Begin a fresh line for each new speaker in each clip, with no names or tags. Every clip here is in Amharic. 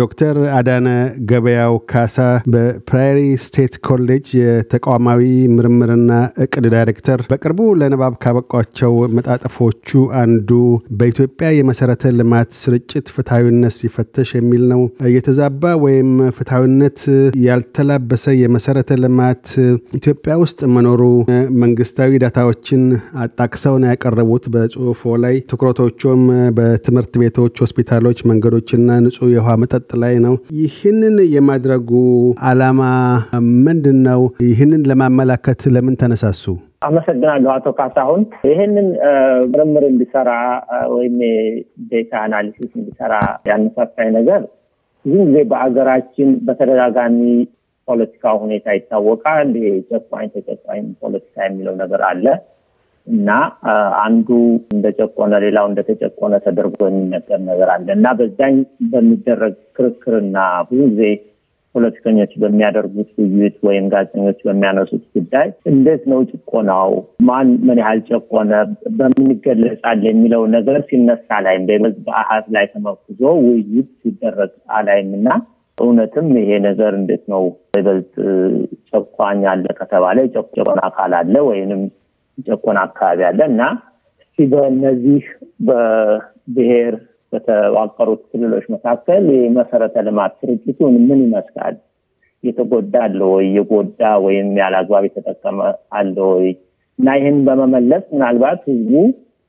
ዶክተር አዳነ ገበያው ካሳ በፕራይሪ ስቴት ኮሌጅ የተቋማዊ ምርምርና እቅድ ዳይሬክተር፣ በቅርቡ ለንባብ ካበቋቸው መጣጠፎቹ አንዱ በኢትዮጵያ የመሰረተ ልማት ስርጭት ፍትሐዊነት ሲፈተሽ የሚል ነው። የተዛባ ወይም ፍትሐዊነት ያልተላበሰ የመሰረተ ልማት ኢትዮጵያ ውስጥ መኖሩ መንግስታዊ ዳታዎችን አጣቅሰው ነው ያቀረቡት በጽሁፎ ላይ። ትኩረቶቹም በትምህርት ቤቶች፣ ሆስፒታሎች፣ መንገዶችና ንጹህ የውሃ መጠ መሰጥ ላይ ነው። ይህንን የማድረጉ አላማ ምንድን ነው? ይህንን ለማመላከት ለምን ተነሳሱ?
አመሰግናለሁ አቶ ካሳሁን። ይህንን ምርምር እንዲሰራ ወይም ዴታ አናሊሲስ እንዲሰራ ያነሳሳኝ ነገር ብዙ ጊዜ በአገራችን በተደጋጋሚ ፖለቲካ ሁኔታ ይታወቃል። ጨቋኝ ተጨቋኝ ፖለቲካ የሚለው ነገር አለ። እና አንዱ እንደጨቆነ ሌላው እንደተጨቆነ ተደርጎ የሚነገር ነገር አለ እና በዛኝ በሚደረግ ክርክርና ብዙ ጊዜ ፖለቲከኞች በሚያደርጉት ውይይት ወይም ጋዜጠኞች በሚያነሱት ጉዳይ እንዴት ነው ጭቆናው፣ ማን ምን ያህል ጨቆነ፣ በምን ይገለጻል የሚለው ነገር ሲነሳ ላይ በመዝ በአሀት ላይ ተመርኩዞ ውይይት ሲደረግ አላይም እና እውነትም ይሄ ነገር እንዴት ነው ይበልጥ ጨቋኝ አለ ከተባለ ጨቆና አካል አለ ወይንም ጨቆን አካባቢ አለ እና እስኪ በእነዚህ በብሔር በተዋቀሩት ክልሎች መካከል የመሰረተ ልማት ስርጭቱን ምን ይመስላል? የተጎዳ አለ ወይ? የጎዳ ወይም ያለ አግባብ የተጠቀመ አለ ወይ? እና ይህን በመመለስ ምናልባት ህዝቡ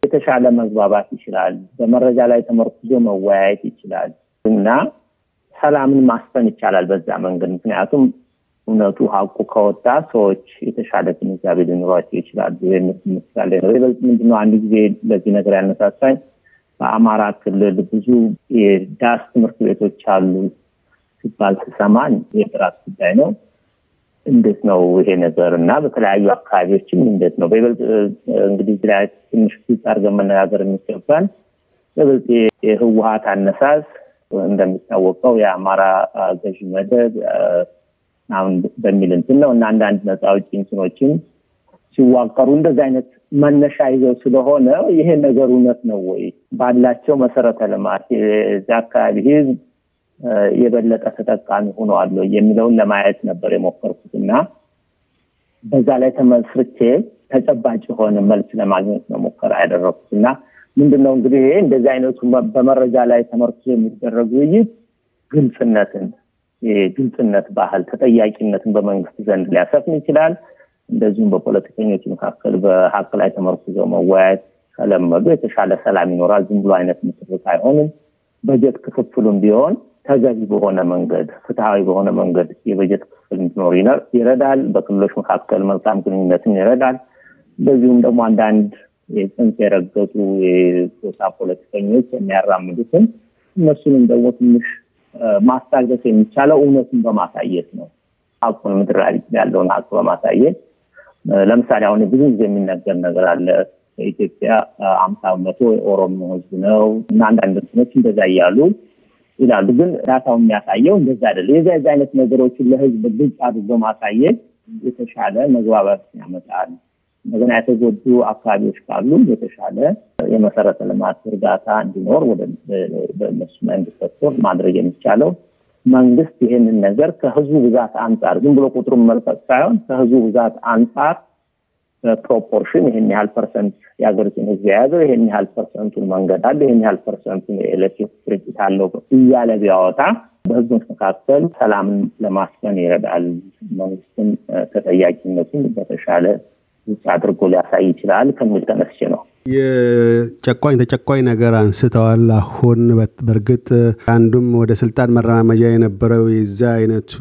የተሻለ መግባባት ይችላል፣ በመረጃ ላይ ተመርኩዞ መወያየት ይችላል እና ሰላምን ማስፈን ይቻላል በዛ መንገድ። ምክንያቱም እውነቱ ሀቁ ከወጣ ሰዎች የተሻለ ግንዛቤ ሊኖሯቸው ይችላሉ ይመስላለ ነው። ይበልጥ ምንድነው አንድ ጊዜ ለዚህ ነገር ያነሳሳኝ በአማራ ክልል ብዙ የዳስ ትምህርት ቤቶች አሉ ሲባል ስሰማን የጥራት ጉዳይ ነው። እንዴት ነው ይሄ ነገር እና በተለያዩ አካባቢዎችም እንዴት ነው በይበልጥ እንግዲህ ላ ትንሽ ግልጽ አድርገን መነጋገር የሚገባል። በይበልጥ የህወሀት አነሳስ እንደሚታወቀው የአማራ ገዢ መደብ አሁን በሚል እንትን ነው እና አንዳንድ ነፃ አውጪ እንትኖችም ሲዋቀሩ እንደዚህ አይነት መነሻ ይዘው ስለሆነ ይሄ ነገር እውነት ነው ወይ ባላቸው መሰረተ ልማት ዚ አካባቢ ህዝብ የበለጠ ተጠቃሚ ሆነዋል የሚለውን ለማየት ነበር የሞከርኩት እና በዛ ላይ ተመስርቼ ተጨባጭ የሆነ መልስ ለማግኘት ነው ሙከራ ያደረኩት እና ምንድነው እንግዲህ ይሄ እንደዚህ አይነቱ በመረጃ ላይ ተመርቶ የሚደረግ ውይይት ግልጽነትን የግልጽነት ባህል ተጠያቂነትን በመንግስት ዘንድ ሊያሰፍን ይችላል። እንደዚሁም በፖለቲከኞች መካከል በሀቅ ላይ ተመርኩዘው መወያየት ከለመዱ የተሻለ ሰላም ይኖራል። ዝም ብሎ አይነት ምስርት አይሆንም። በጀት ክፍፍሉም ቢሆን ተገቢ በሆነ መንገድ ፍትሐዊ በሆነ መንገድ የበጀት ክፍፍል እንዲኖር ይረዳል። በክልሎች መካከል መልካም ግንኙነትን ይረዳል። እንደዚሁም ደግሞ አንዳንድ የጽንፍ የረገጡ የጎሳ ፖለቲከኞች የሚያራምዱትን እነሱንም ደግሞ ትንሽ ማስታገስ የሚቻለው እውነቱን በማሳየት ነው። ሀቁን ምድር ላይ ያለውን ሀቅ በማሳየት ለምሳሌ አሁን ብዙ ጊዜ የሚነገር ነገር አለ። በኢትዮጵያ አምሳ መቶ ኦሮሞ ህዝብ ነው እና አንዳንድ እንትኖች እንደዛ እያሉ ይላሉ። ግን ዳታው የሚያሳየው እንደዛ አይደለም። የዚ የዚ አይነት ነገሮችን ለህዝብ ግልጽ አድርጎ ማሳየት የተሻለ መግባባት ያመጣል። እንደገና የተጎዱ አካባቢዎች ካሉ የተሻለ የመሰረተ ልማት እርዳታ እንዲኖር ወደ መንግስት ሰጥቶ ማድረግ የሚቻለው መንግስት ይህንን ነገር ከህዝቡ ብዛት አንጻር ዝም ብሎ ቁጥሩን መልፈጥ ሳይሆን ከህዝቡ ብዛት አንጻር ፕሮፖርሽን ይህን ያህል ፐርሰንት የሀገሪቱን ህዝብ የያዘው ይህን ያህል ፐርሰንቱን መንገድ አለ ይህን ያህል ፐርሰንቱን የኤሌክትሪክ ስርጭት አለው እያለ ቢያወጣ በህዝቦች መካከል ሰላምን ለማስፈን ይረዳል። መንግስትን ተጠያቂነቱን በተሻለ አድርጎ ሊያሳይ ይችላል ከሚል ተነስቼ ነው።
የጨቋኝ ተጨቋኝ ነገር አንስተዋል። አሁን በእርግጥ አንዱም ወደ ስልጣን መረማመጃ የነበረው የዛ አይነቱ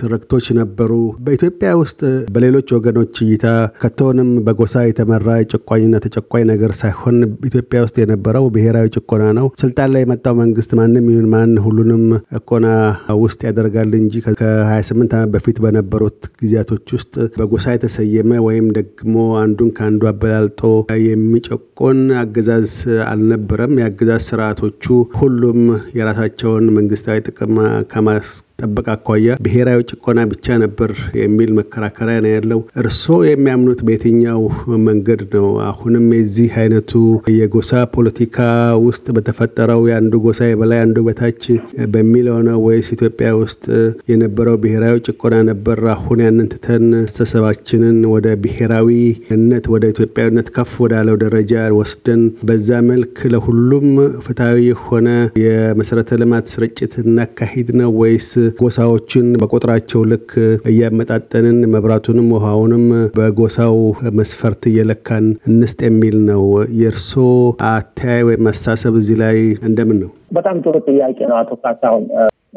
ትርክቶች ነበሩ። በኢትዮጵያ ውስጥ በሌሎች ወገኖች እይታ ከቶንም በጎሳ የተመራ ጨቋኝና ተጨቋኝ ነገር ሳይሆን ኢትዮጵያ ውስጥ የነበረው ብሔራዊ ጭቆና ነው። ስልጣን ላይ የመጣው መንግስት ማንም ይሁን ማን ሁሉንም እቆና ውስጥ ያደርጋል እንጂ ከ28 ዓመት በፊት በነበሩት ጊዜያቶች ውስጥ በጎሳ የተሰየመ ወይም ደግሞ አንዱን ከአንዱ አበላልጦ የሚጭ የመጨቆን አገዛዝ አልነበረም። የአገዛዝ ስርዓቶቹ ሁሉም የራሳቸውን መንግስታዊ ጥቅም ከማስ ጥበቃ አኳያ ብሔራዊ ጭቆና ብቻ ነበር የሚል መከራከሪያ ነው ያለው። እርስዎ የሚያምኑት በየትኛው መንገድ ነው? አሁንም የዚህ አይነቱ የጎሳ ፖለቲካ ውስጥ በተፈጠረው የአንዱ ጎሳ የበላይ አንዱ በታች በሚለው ነው ወይስ ኢትዮጵያ ውስጥ የነበረው ብሔራዊ ጭቆና ነበር? አሁን ያንን ትተን አስተሳሰባችንን ወደ ብሔራዊነት ወደ ኢትዮጵያዊነት ከፍ ወዳለው ደረጃ ወስደን በዛ መልክ ለሁሉም ፍትሐዊ የሆነ የመሰረተ ልማት ስርጭት እናካሂድ ነው ወይስ ጎሳዎችን በቁጥራቸው ልክ እያመጣጠንን መብራቱንም ውሃውንም በጎሳው መስፈርት እየለካን እንስጥ የሚል ነው። የእርሶ አተያይ ወይም አስተሳሰብ እዚህ ላይ እንደምን ነው?
በጣም ጥሩ ጥያቄ ነው አቶ ካሳሁን።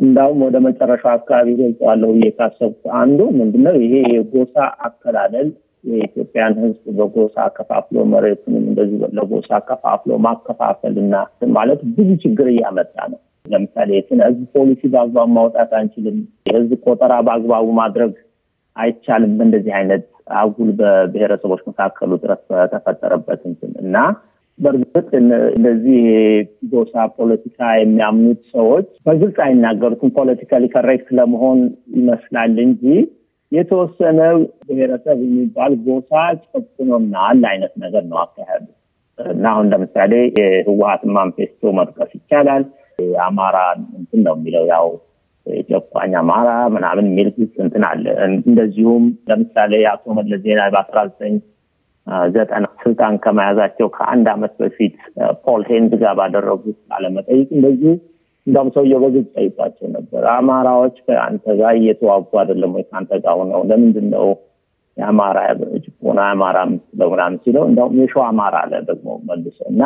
እንዳውም ወደ መጨረሻው አካባቢ ገልጸዋለሁ ብዬ ካሰብኩ አንዱ ምንድነው ይሄ የጎሳ አከላለል የኢትዮጵያን ሕዝብ በጎሳ ከፋፍሎ መሬቱንም እንደዚህ ለጎሳ ከፋፍሎ ማከፋፈል እና ማለት ብዙ ችግር እያመጣ ነው። ለምሳሌ የስነ ህዝብ ፖሊሲ በአግባቡ ማውጣት አንችልም፣ የህዝብ ቆጠራ በአግባቡ ማድረግ አይቻልም። እንደዚህ አይነት አጉል በብሔረሰቦች መካከሉ ጥረት በተፈጠረበት እንትን እና በእርግጥ እንደዚህ ጎሳ ፖለቲካ የሚያምኑት ሰዎች በግልጽ አይናገሩትም። ፖለቲካሊ ከሬክት ለመሆን ይመስላል እንጂ የተወሰነ ብሔረሰብ የሚባል ጎሳ ጨቁኖናል አይነት ነገር ነው አካሄዱ እና አሁን ለምሳሌ የህወሀት ማንፌስቶ መጥቀስ ይቻላል። የአማራ እንትን ነው የሚለው ያው ጨቋኝ አማራ ምናምን የሚል እንትን አለ። እንደዚሁም ለምሳሌ የአቶ መለስ ዜናዊ በአስራ ዘጠኝ ዘጠና ስልጣን ከመያዛቸው ከአንድ አመት በፊት ፖል ሄንድ ጋር ባደረጉት አለመጠይቅ እንደዚሁ እንደውም ሰውየው በግልጽ ጠይቋቸው ነበር። አማራዎች ከአንተ ጋር እየተዋጉ አይደለም ወይ? ከአንተ ጋር ሆነው ለምንድን ነው የአማራ ጭቆና አማራ የምትለው ምናምን ሲለው እንደውም የሸዋ አማራ አለ ደግሞ መልሶ እና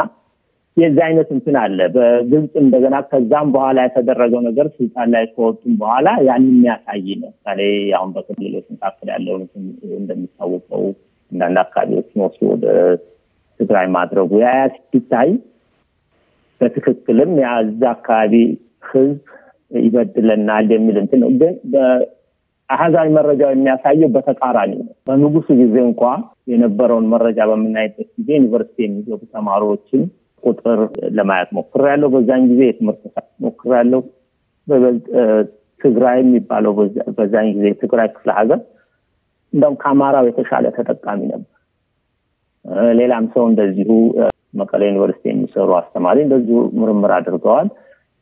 የዚህ አይነት እንትን አለ። በግብፅ እንደገና ከዛም በኋላ የተደረገው ነገር ስልጣን ላይ ከወጡም በኋላ ያን የሚያሳይ ለምሳሌ አሁን በክልሎች መካከል ያለው እንደሚታወቀው አንዳንድ አካባቢዎችን ወስዶ ወደ ትግራይ ማድረጉ ያ ሲታይ በትክክልም የዛ አካባቢ ህዝብ ይበድለናል የሚል እንትን ነው። ግን አሃዛዊ መረጃው የሚያሳየው በተቃራኒ ነው። በንጉሱ ጊዜ እንኳ የነበረውን መረጃ በምናይበት ጊዜ ዩኒቨርሲቲ የሚገቡ ተማሪዎችን ቁጥር ለማየት ሞክሬያለሁ። በዛን ጊዜ የትምህርት ሰዓት ሞክሬያለሁ። በበልጥ ትግራይ የሚባለው በዛን ጊዜ ትግራይ ክፍለ ሀገር እንደውም ከአማራው የተሻለ ተጠቃሚ ነበር። ሌላም ሰው እንደዚሁ መቀሌ ዩኒቨርሲቲ የሚሰሩ አስተማሪ እንደዚሁ ምርምር አድርገዋል።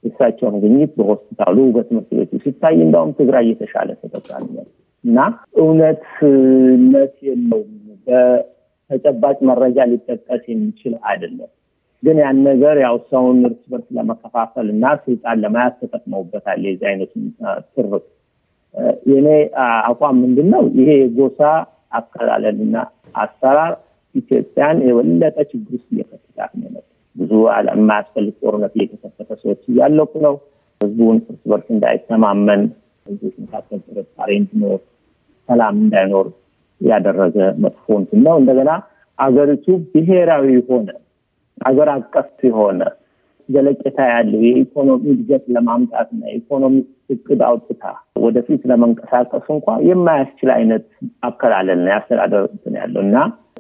እሳቸውን ግኝት በሆስፒታሉ በትምህርት ቤቱ ሲታይ እንደውም ትግራይ የተሻለ ተጠቃሚ ነበር እና እውነትነት የለውም በተጨባጭ መረጃ ሊጠቀስ የሚችል አይደለም። ግን ያን ነገር ያው ሰውን እርስ በርስ ለመከፋፈል እና ስልጣን ለማያት ተጠቅመውበታል። የዚህ አይነቱን ትርክ የእኔ አቋም ምንድን ነው? ይሄ የጎሳ አከላለልና አሰራር ኢትዮጵያን የበለጠ ችግር ውስጥ እየከትታት ነው ብዙ የማያስፈልግ ጦርነት እየተከፈተ ሰዎች እያለቁ ነው። ህዝቡን እርስ በርስ እንዳይተማመን፣ ህዝቦች መካከል ጥርጣሬ እንዲኖር፣ ሰላም እንዳይኖር ያደረገ መጥፎ እንትን ነው። እንደገና አገሪቱ ብሔራዊ የሆነ አገር አቀፍ የሆነ ዘለቄታ ያለው የኢኮኖሚ እድገት ለማምጣትና የኢኮኖሚ እቅድ አውጥታ ወደፊት ለመንቀሳቀሱ እንኳ የማያስችል አይነት አከላለል ነው ያስተዳደር ያለው እና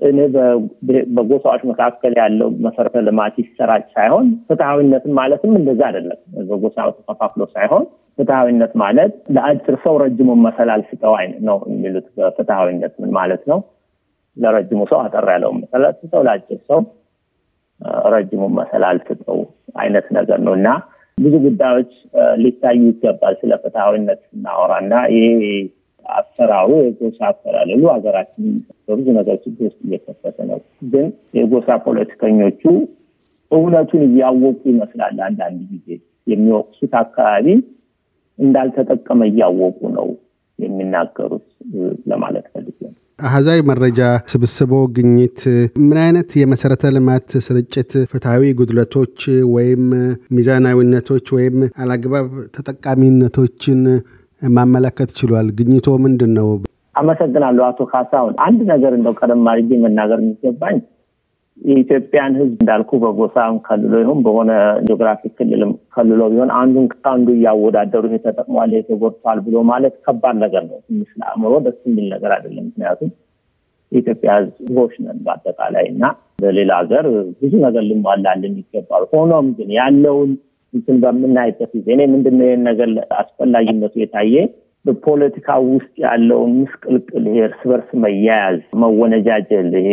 እኔ በጎሳዎች መካከል ያለው መሰረተ ልማት ይሰራጭ ሳይሆን ፍትሐዊነትን ማለትም እንደዛ አይደለም። በጎሳ ተከፋፍሎ ሳይሆን ፍትሐዊነት ማለት ለአጭር ሰው ረጅሙን መሰላል ስጠው አይነት ነው የሚሉት። በፍትሐዊነት ምን ማለት ነው? ለረጅሙ ሰው አጠር ያለውን መሰላል ስጠው፣ ለአጭር ሰው ረጅሙ መሰል ስጠው አይነት ነገር ነው እና ብዙ ጉዳዮች ሊታዩ ይገባል። ስለ ፍትሐዊነት እና ይሄ አሰራሩ የጎሳ አፈላለሉ ሀገራችን በብዙ ነገር ችግር ውስጥ እየከፈተ ነው። ግን የጎሳ ፖለቲከኞቹ እውነቱን እያወቁ ይመስላል አንዳንድ ጊዜ የሚወቅሱት አካባቢ እንዳልተጠቀመ እያወቁ ነው የሚናገሩት ለማለት ፈልጌ ነው።
አሃዛዊ መረጃ ስብስቦ ግኝት ምን አይነት የመሰረተ ልማት ስርጭት ፍትሐዊ ጉድለቶች ወይም ሚዛናዊነቶች ወይም አላግባብ ተጠቃሚነቶችን ማመላከት ችሏል? ግኝቶ ምንድን ነው?
አመሰግናለሁ አቶ ካሳሁን። አንድ ነገር እንደው ቀደም አድርጌ መናገር የሚገባኝ የኢትዮጵያን ህዝብ እንዳልኩ በጎሳም ከልሎ ይሁን በሆነ ጂኦግራፊክ ክልልም ከልሎ ቢሆን አንዱን ከአንዱ እያወዳደሩ የተጠቅሟል ተጠቅሟል፣ ብሎ ማለት ከባድ ነገር ነው። ትንሽ ለአእምሮ ደስ የሚል ነገር አይደለም። ምክንያቱም የኢትዮጵያ ሕዝቦች ነን በአጠቃላይ እና በሌላ ሀገር ብዙ ነገር ልሟላልን ይገባል። ሆኖም ግን ያለውን እንትን በምናይበት ጊዜ እኔ ምንድነው ይህን ነገር አስፈላጊነቱ የታየ በፖለቲካ ውስጥ ያለውን ምስቅልቅል ይሄ እርስ በርስ መያያዝ፣ መወነጃጀል ይሄ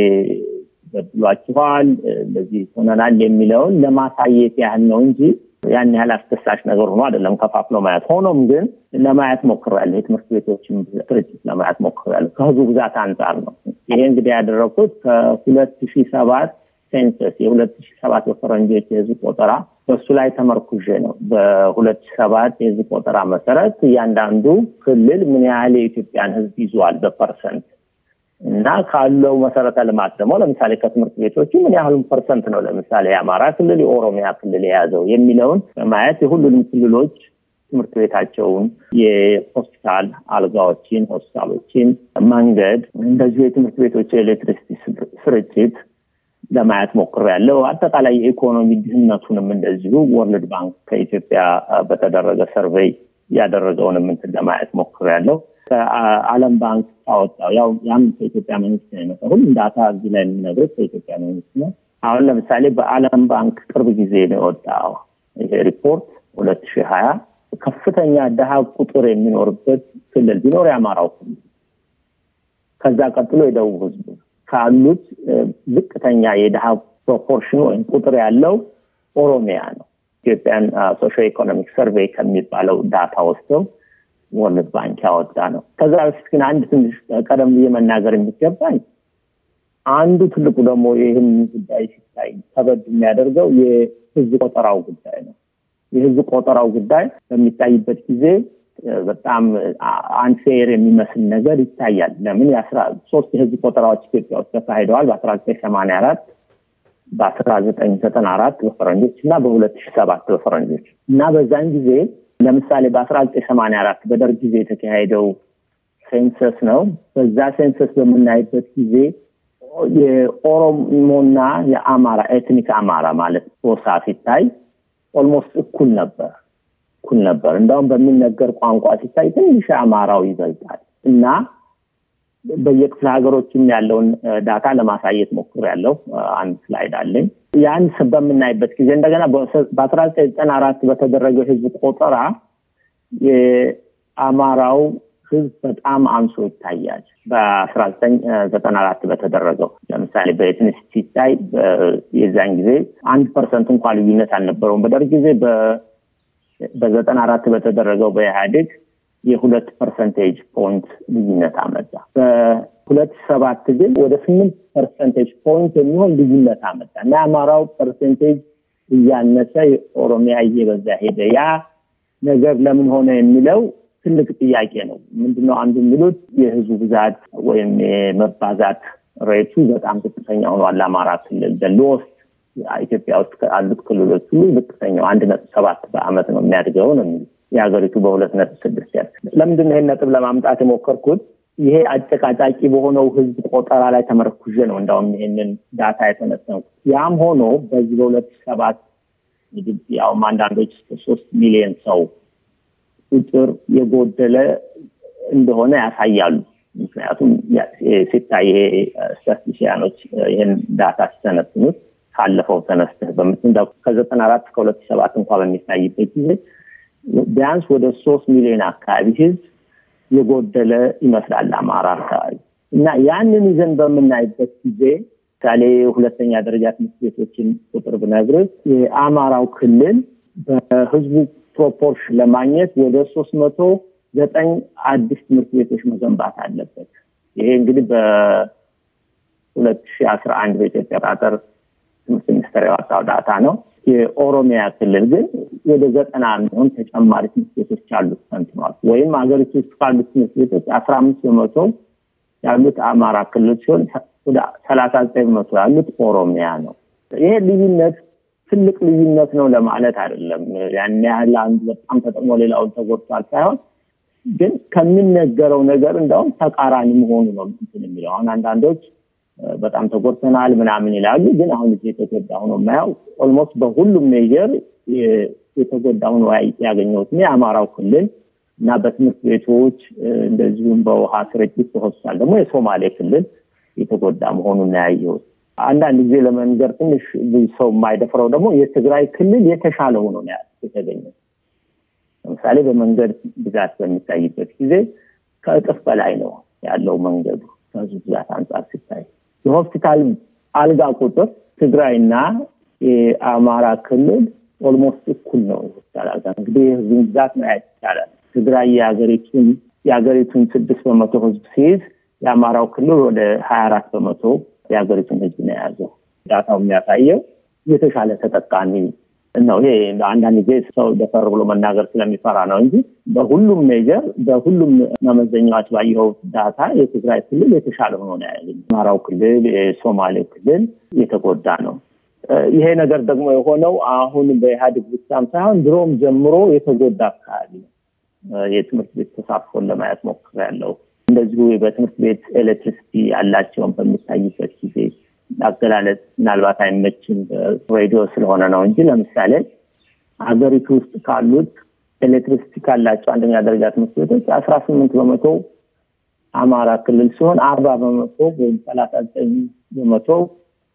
ገድሏቸዋል፣ እንደዚህ ሆነናል የሚለውን ለማሳየት ያህል ነው እንጂ ያን ያህል አስደሳች ነገር ሆኖ አይደለም ከፋፍሎ ማየት። ሆኖም ግን ለማየት ሞክሬያለሁ። የትምህርት ቤቶችን ስርጭት ለማየት ሞክሬያለሁ። ከህዝቡ ብዛት አንጻር ነው። ይሄ እንግዲህ ያደረግኩት ከሁለት ሺ ሰባት ሴንሰስ የሁለት ሺ ሰባት በፈረንጆች የህዝብ ቆጠራ በእሱ ላይ ተመርኩዤ ነው። በሁለት ሺ ሰባት የህዝብ ቆጠራ መሰረት እያንዳንዱ ክልል ምን ያህል የኢትዮጵያን ህዝብ ይዟል በፐርሰንት እና ካለው መሰረተ ልማት ደግሞ ለምሳሌ ከትምህርት ቤቶቹ ምን ያህሉን ፐርሰንት ነው ለምሳሌ የአማራ ክልል የኦሮሚያ ክልል የያዘው የሚለውን ማየት የሁሉንም ክልሎች ትምህርት ቤታቸውን፣ የሆስፒታል አልጋዎችን፣ ሆስፒታሎችን፣ መንገድ፣ እንደዚሁ የትምህርት ቤቶች የኤሌክትሪሲቲ ስርጭት ለማየት ያለው አጠቃላይ የኢኮኖሚ ድህነቱንም እንደዚሁ ወርልድ ባንክ ከኢትዮጵያ በተደረገ ሰርቬይ ያደረገውንም እንትን ለማየት ያለው ከዓለም ባንክ አወጣው። ያው ያም ከኢትዮጵያ መንግስት ነው የመጣው። ሁሉም ዳታ እዚህ ላይ የሚነግሩት ከኢትዮጵያ መንግስት ነው። አሁን ለምሳሌ በዓለም ባንክ ቅርብ ጊዜ ነው የወጣው ይሄ ሪፖርት ሁለት ሺ ሀያ ከፍተኛ ድሃ ቁጥር የሚኖርበት ክልል ቢኖር ያማራው ክልል፣ ከዛ ቀጥሎ የደቡብ ህዝቡ ካሉት ዝቅተኛ የድሃ ፕሮፖርሽን ወይም ቁጥር ያለው ኦሮሚያ ነው። ኢትዮጵያን ሶሾ ኢኮኖሚክ ሰርቬይ ከሚባለው ዳታ ወስደው ወርልድ ባንክ ያወጣ ነው። ከዛ በፊት ግን አንድ ትንሽ ቀደም ብዬ መናገር የሚገባኝ አንዱ ትልቁ ደግሞ ይህን ጉዳይ ሲታይ ከበድ የሚያደርገው የህዝብ ቆጠራው ጉዳይ ነው። የህዝብ ቆጠራው ጉዳይ በሚታይበት ጊዜ በጣም አንፌር የሚመስል ነገር ይታያል። ለምን የአስራ ሶስት የህዝብ ቆጠራዎች ኢትዮጵያ ውስጥ ተካሂደዋል በአስራ ዘጠኝ ሰማንያ አራት በአስራ ዘጠኝ ዘጠና አራት በፈረንጆች እና በሁለት ሺ ሰባት በፈረንጆች እና በዛን ጊዜ ለምሳሌ በ1984 በደርግ ጊዜ የተካሄደው ሴንሰስ ነው። በዛ ሴንሰስ በምናይበት ጊዜ የኦሮሞና የአማራ ኤትኒክ አማራ ማለት ቦሳ ሲታይ ኦልሞስት እኩል ነበር እኩል ነበር። እንደውም በሚነገር ቋንቋ ሲታይ ትንሽ አማራው ይበልጣል እና በየክፍለ ሀገሮችም ያለውን ዳታ ለማሳየት ያለው አንድ ስላይድ አለኝ። ያን በምናይበት ጊዜ እንደገና በአስራ ዘጠኝ ዘጠና አራት በተደረገው ህዝብ ቆጠራ የአማራው ህዝብ በጣም አንሶ ይታያል። በአስራ ዘጠኝ ዘጠና አራት በተደረገው ለምሳሌ በኤትኒሲቲ ሲታይ የዛን ጊዜ አንድ ፐርሰንት እንኳ ልዩነት አልነበረውም። በደርግ ጊዜ በዘጠና አራት በተደረገው በኢህአዴግ የሁለት ፐርሰንቴጅ ፖይንት ልዩነት አመጣ። በሁለት ሰባት ግን ወደ ስምንት ፐርሰንቴጅ ፖይንት የሚሆን ልዩነት አመጣ እና የአማራው ፐርሰንቴጅ እያነሰ ኦሮሚያ እየበዛ ሄደ። ያ ነገር ለምን ሆነ የሚለው ትልቅ ጥያቄ ነው። ምንድነው አንዱ የሚሉት የህዝቡ ብዛት ወይም የመባዛት ሬቱ በጣም ዝቅተኛ ሆኗል። አማራ ክልል ሎስ ኢትዮጵያ ውስጥ ካሉት ክልሎች ሁሉ ዝቅተኛው አንድ ነጥብ ሰባት በአመት ነው የሚያድገው ነው የሚሉት የሀገሪቱ በሁለት ነጥብ ስድስት ያል ለምንድን ይህን ነጥብ ለማምጣት የሞከርኩት? ይሄ አጨቃጫቂ በሆነው ህዝብ ቆጠራ ላይ ተመረኩዤ ነው እንዳውም ይህንን ዳታ የተነጠንኩት። ያም ሆኖ በዚህ በሁለት ሰባት ያውም አንዳንዶች ሶስት ሚሊዮን ሰው ቁጥር የጎደለ እንደሆነ ያሳያሉ። ምክንያቱም ሲታይ ይሄ ስታቲስቲሺያኖች ይህን ዳታ ሲተነትኑት ካለፈው ተነስተህ በምትንዳ ከዘጠና አራት ከሁለት ሰባት እንኳ በሚታይበት ጊዜ ቢያንስ ወደ ሶስት ሚሊዮን አካባቢ ህዝብ የጎደለ ይመስላል አማራ አካባቢ እና ያንን ይዘን በምናይበት ጊዜ ምሳሌ ሁለተኛ ደረጃ ትምህርት ቤቶችን ቁጥር ብነግርህ የአማራው ክልል በህዝቡ ፕሮፖርሽን ለማግኘት ወደ ሶስት መቶ ዘጠኝ አዲስ ትምህርት ቤቶች መገንባት አለበት። ይሄ እንግዲህ በሁለት ሺ አስራ አንድ በኢትዮጵያ አቆጣጠር ትምህርት ሚኒስቴር ያወጣው ዳታ ነው። የኦሮሚያ ክልል ግን ወደ ዘጠና የሚሆን ተጨማሪ ትምህርት ቤቶች አሉት ሰንትኗል። ወይም ሀገሪቱ ውስጥ ካሉት ትምህርት ቤቶች አስራ አምስት በመቶ ያሉት አማራ ክልል ሲሆን ወደ ሰላሳ ዘጠኝ በመቶ ያሉት ኦሮሚያ ነው። ይሄ ልዩነት ትልቅ ልዩነት ነው ለማለት አይደለም። ያን ያህል አንዱ በጣም ተጠቅሞ ሌላውን ተጎድቷል ሳይሆን ግን ከሚነገረው ነገር እንደውም ተቃራኒ መሆኑ ነው እንትን የሚለው አሁን አንዳንዶች በጣም ተጎድተናል ምናምን ይላሉ። ግን አሁን እዚህ የተጎዳ ነው የማያው ኦልሞስት በሁሉም ሜጀር የተጎዳ ነው ያገኘሁት የአማራው ክልል እና በትምህርት ቤቶች እንደዚሁም በውሃ ስርጭት በሆስፒታል ደግሞ የሶማሌ ክልል የተጎዳ መሆኑን ያየሁት። አንዳንድ ጊዜ ለመንገር ትንሽ ሰው የማይደፍረው ደግሞ የትግራይ ክልል የተሻለ ሆኖ ነው የተገኘው። ለምሳሌ በመንገድ ብዛት በሚታይበት ጊዜ ከእጥፍ በላይ ነው ያለው መንገዱ ከህዝብ ብዛት አንጻር ሲታይ የሆስፒታል አልጋ ቁጥር ትግራይና የአማራ ክልል ኦልሞስት እኩል ነው። ይወስዳል አልጋ እንግዲህ የህዝቡን ብዛት ማየት ይቻላል። ትግራይ የሀገሪቱን የሀገሪቱን ስድስት በመቶ ህዝብ ሲይዝ የአማራው ክልል ወደ ሀያ አራት በመቶ የሀገሪቱን ህዝብ ነው የያዘው። ዳታው የሚያሳየው የተሻለ ተጠቃሚ ነው። ይሄ አንዳንድ ጊዜ ሰው ደፈር ብሎ መናገር ስለሚፈራ ነው እንጂ በሁሉም ሜጀር በሁሉም መመዘኛዎች ባየው ዳታ የትግራይ ክልል የተሻለ ሆኖ ነው ያገኘ። አማራው ክልል፣ የሶማሌው ክልል የተጎዳ ነው። ይሄ ነገር ደግሞ የሆነው አሁን በኢህአዴግ ብቻም ሳይሆን ድሮም ጀምሮ የተጎዳ አካባቢ ነው። የትምህርት ቤት ተሳትፎን ለማየት ያለው እንደዚሁ በትምህርት ቤት ኤሌክትሪሲቲ ያላቸውን በሚታይበት ጊዜ አገላለጽ ምናልባት አይመችም ሬዲዮ ስለሆነ ነው እንጂ ለምሳሌ ሀገሪቱ ውስጥ ካሉት ኤሌክትሪሲቲ ካላቸው አንደኛ ደረጃ ትምህርት ቤቶች አስራ ስምንት በመቶ አማራ ክልል ሲሆን አርባ በመቶ ወይም ሰላሳ ዘጠኝ በመቶ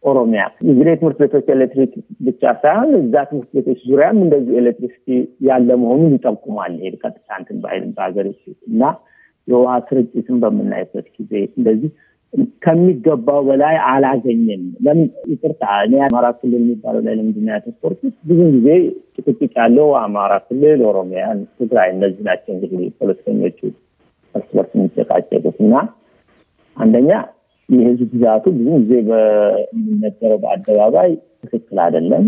ኦሮሚያ። እንግዲህ ትምህርት ቤቶች ኤሌክትሪክ ብቻ ሳይሆን እዛ ትምህርት ቤቶች ዙሪያም እንደዚህ ኤሌክትሪሲቲ ያለ መሆኑን ይጠቁማል። ይሄ ከትሳንትን በሀገሪቱ እና የውሃ ስርጭትን በምናይበት ጊዜ እንደዚህ ከሚገባው በላይ አላገኘም። ለምን ይቅርታ፣ እኔ አማራ ክልል የሚባለው ላይ ለምንድነው ያተኮርኩት? ብዙ ጊዜ ጭቅጭቅ ያለው አማራ ክልል፣ ኦሮሚያ፣ ትግራይ እነዚህ ናቸው እንግዲህ ፖለቲከኞቹ እርስ በርስ የሚጨቃጨቁት እና አንደኛ የህዝብ ብዛቱ ብዙ ጊዜ በሚነገረው በአደባባይ ትክክል አይደለም።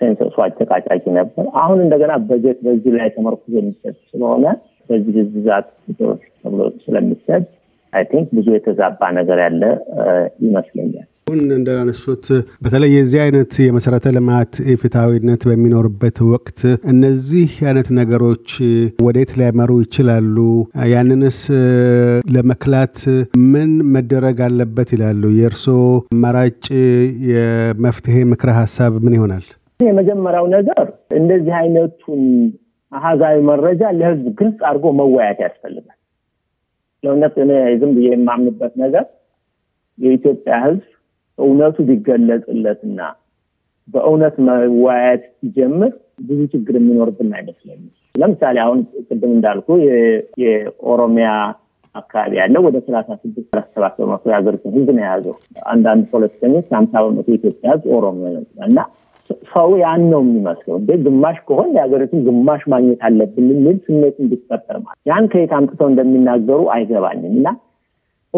ሴንሰሱ አጨቃጫቂ ነበር። አሁን እንደገና በጀት በዚህ ላይ ተመርኩዞ የሚሰጥ ስለሆነ በዚህ ህዝብ ብዛት ተብሎ ስለሚሰጥ አይ ቲንክ ብዙ የተዛባ ነገር ያለ uh, ይመስለኛል።
አሁን እንዳነሱት በተለይ የዚህ አይነት የመሰረተ ልማት የፍትሐዊነት በሚኖርበት ወቅት እነዚህ አይነት ነገሮች ወዴት ሊያመሩ ይችላሉ? ያንንስ uh, ለመክላት ምን መደረግ አለበት ይላሉ? የእርስዎ አማራጭ የመፍትሄ ምክረ ሀሳብ ምን ይሆናል?
የመጀመሪያው ነገር እንደዚህ አይነቱን አሃዛዊ መረጃ ለህዝብ ግልጽ አድርጎ መወያየት ያስፈልጋል። ለእውነት እኔ ዝም ብዬ የማምንበት ነገር የኢትዮጵያ ህዝብ እውነቱ ቢገለጽለትና በእውነት መወያየት ሲጀምር ብዙ ችግር የሚኖርብን አይመስለኝም። ለምሳሌ አሁን ቅድም እንዳልኩ የኦሮሚያ አካባቢ ያለው ወደ ሰላሳ ስድስት ሰላሳ ሰባት በመቶ የሀገሪቱን ህዝብ ነው የያዘው። አንዳንድ ፖለቲከኞች ሀምሳ በመቶ የኢትዮጵያ ህዝብ ኦሮሞ እና ሰው ያን ነው የሚመስለው እ ግማሽ ከሆን የሀገሪቱን ግማሽ ማግኘት አለብን የሚል ስሜት እንዲፈጠር ማለት ያን ከየት አምጥተው እንደሚናገሩ አይገባኝም እና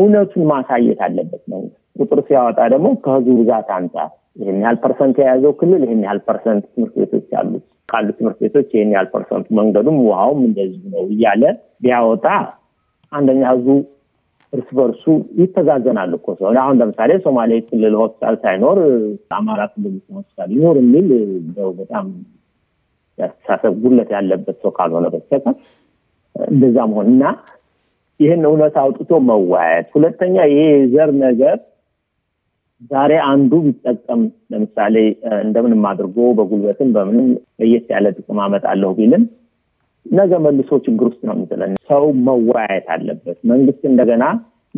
እውነቱን ማሳየት አለበት መንግስት። ቁጥር ሲያወጣ ደግሞ ከህዝቡ ብዛት አንጻር ይህን ያህል ፐርሰንት የያዘው ክልል ይህን ያህል ፐርሰንት ትምህርት ቤቶች ያሉት ካሉ ትምህርት ቤቶች ይህን ያህል ፐርሰንቱ መንገዱም ውሃውም እንደዚህ ነው እያለ ቢያወጣ አንደኛ ህዝቡ እርስ በርሱ ይተዛዘናል እኮ ሰው አሁን ለምሳሌ ሶማሌ ክልል ሆስፒታል ሳይኖር አማራ ክልል ሆስፒታል ይኖር የሚል በጣም ያስተሳሰብ ጉለት ያለበት ሰው ካልሆነ በስተቀር እንደዛ መሆን እና ይህን እውነት አውጥቶ መወያየት። ሁለተኛ ይሄ የዘር ነገር ዛሬ አንዱ ቢጠቀም ለምሳሌ እንደምንም አድርጎ በጉልበትም በምንም ለየት ያለ ጥቅም አመጣለሁ ቢልም ነገ መልሶ ችግር ውስጥ ነው የሚጥለን። ሰው መወያየት አለበት። መንግስት እንደገና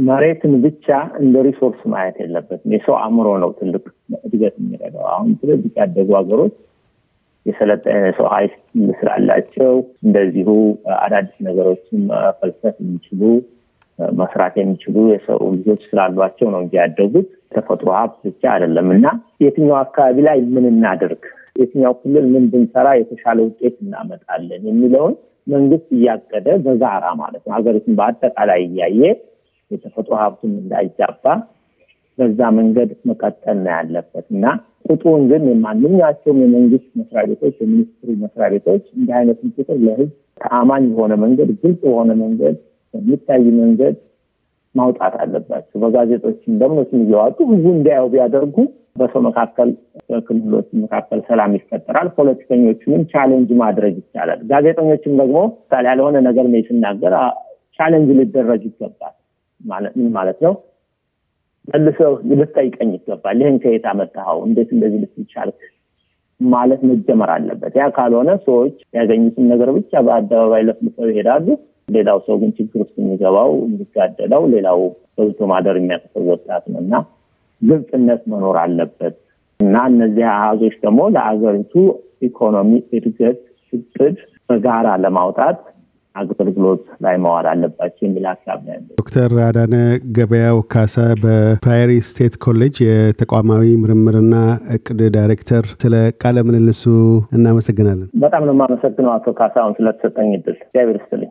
መሬትን ብቻ እንደ ሪሶርስ ማየት የለበትም። የሰው አእምሮ ነው ትልቅ እድገት የሚረዳው። አሁን ትልልቅ ያደጉ ሀገሮች የሰለጠነ ሰው ሀይል ስላላቸው እንደዚሁ አዳዲስ ነገሮችን መፈልሰፍ የሚችሉ መስራት የሚችሉ የሰው ልጆች ስላሏቸው ነው እንጂ ያደጉት ተፈጥሮ ሀብት ብቻ አይደለም እና የትኛው አካባቢ ላይ ምን እናደርግ የትኛው ክልል ምን ብንሰራ የተሻለ ውጤት እናመጣለን የሚለውን መንግስት እያቀደ በዛራ ማለት ነው ሀገሪቱን በአጠቃላይ እያየ የተፈጥሮ ሀብቱም እንዳይዛባ በዛ መንገድ መቀጠል ነው ያለበት እና ቁጡን ግን የማንኛቸውም የመንግስት መስሪያ ቤቶች የሚኒስትሩ መስሪያ ቤቶች እንዲህ አይነት ምክክር ለህዝብ ተአማኝ የሆነ መንገድ፣ ግልጽ የሆነ መንገድ፣ በሚታይ መንገድ ማውጣት አለባቸው። ደግሞ ስም እየዋጡ ህዝቡ እንዲያየው ቢያደርጉ በሰው መካከል ክልሎች መካከል ሰላም ይፈጠራል። ፖለቲከኞችንም ቻሌንጅ ማድረግ ይቻላል። ጋዜጠኞችም ደግሞ ምሳሌ ያልሆነ ነገር ነው ስናገር ቻሌንጅ ሊደረግ ይገባል። ምን ማለት ነው? መልሰው ልትጠይቀኝ ይገባል። ይህን ከየት አመጣኸው? እንዴት እንደዚህ ልትቻል ማለት መጀመር አለበት። ያ ካልሆነ ሰዎች ያገኙትን ነገር ብቻ በአደባባይ ለፍልፈው ይሄዳሉ። ሌላው ሰው ግን ችግር ውስጥ የሚገባው የሚጋደለው ሌላው በብቶ ማደር የሚያቅሰው ወጣት ነው እና ግልጽነት መኖር አለበት። እና እነዚህ አሃዞች ደግሞ ለአገሪቱ ኢኮኖሚ እድገት ስብድ በጋራ ለማውጣት አገልግሎት ላይ መዋል አለባቸው የሚል ሀሳብ
ዶክተር አዳነ ገበያው ካሳ በፕራየሪ ስቴት ኮሌጅ የተቋማዊ ምርምርና እቅድ ዳይሬክተር፣ ስለ ቃለ ምልልሱ እናመሰግናለን።
በጣም ነው የማመሰግነው አቶ ካሳሁን ስለተሰጠኝ እድል። እግዚአብሔር ይስጥልኝ።